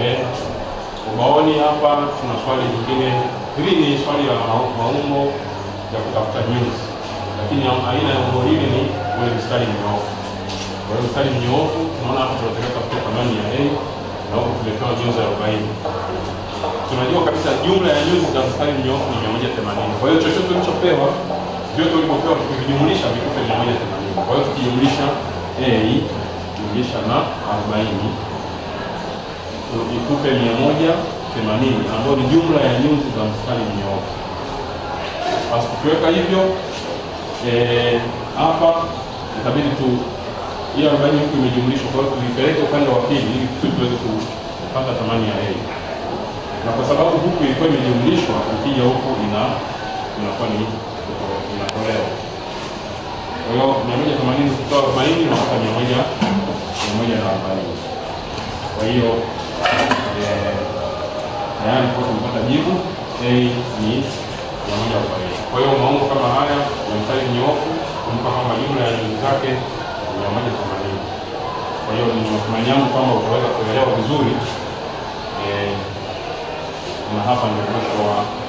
Ehe. Ubaoni hapa tuna swali lingine, hili ni swali la maumbo ya kutafuta news, lakini aina ya umbo hili ni ule mstari mnyoofu. Kwa hiyo mstari mnyoofu tunaona hapa tunataka kutafuta thamani ya a na huku tumepewa nyuzi arobaini. Tunajua kabisa jumla ya nyuzi za mstari mnyoofu ni mia moja themanini. Kwa hiyo chochote ulichopewa vyote ulivyopewa tukivijumlisha vitupe mia moja themanini. Kwa hiyo tukijumlisha a jumlisha na arobaini ikupe 180 ambayo ni jumla ya nyuzi za mstari mnyoofu. Basi tukiweka hivyo eh, hapa e, itabidi tu hiyo 40 huku imejumlishwa, kwa hiyo tuipeleke upande wa pili ili tuweze kupata thamani ya A, na kwa sababu huku ilikuwa imejumlishwa, ikija huku ina inakuwa ni inatolewa. Kwa hiyo 180 kutoa 40 na 140. Kwa hiyo tayari kwa kupata jibu A ni ya moja moja. Kwa hiyo maumbo kama haya ya mstari mnyoofu, kumpa kwamba jumla ya jibu zake ni mia moja themanini. Kwa hiyo ni matumaini yangu kwamba utaweza kuelewa vizuri eh, na hapa ndio mwisho wa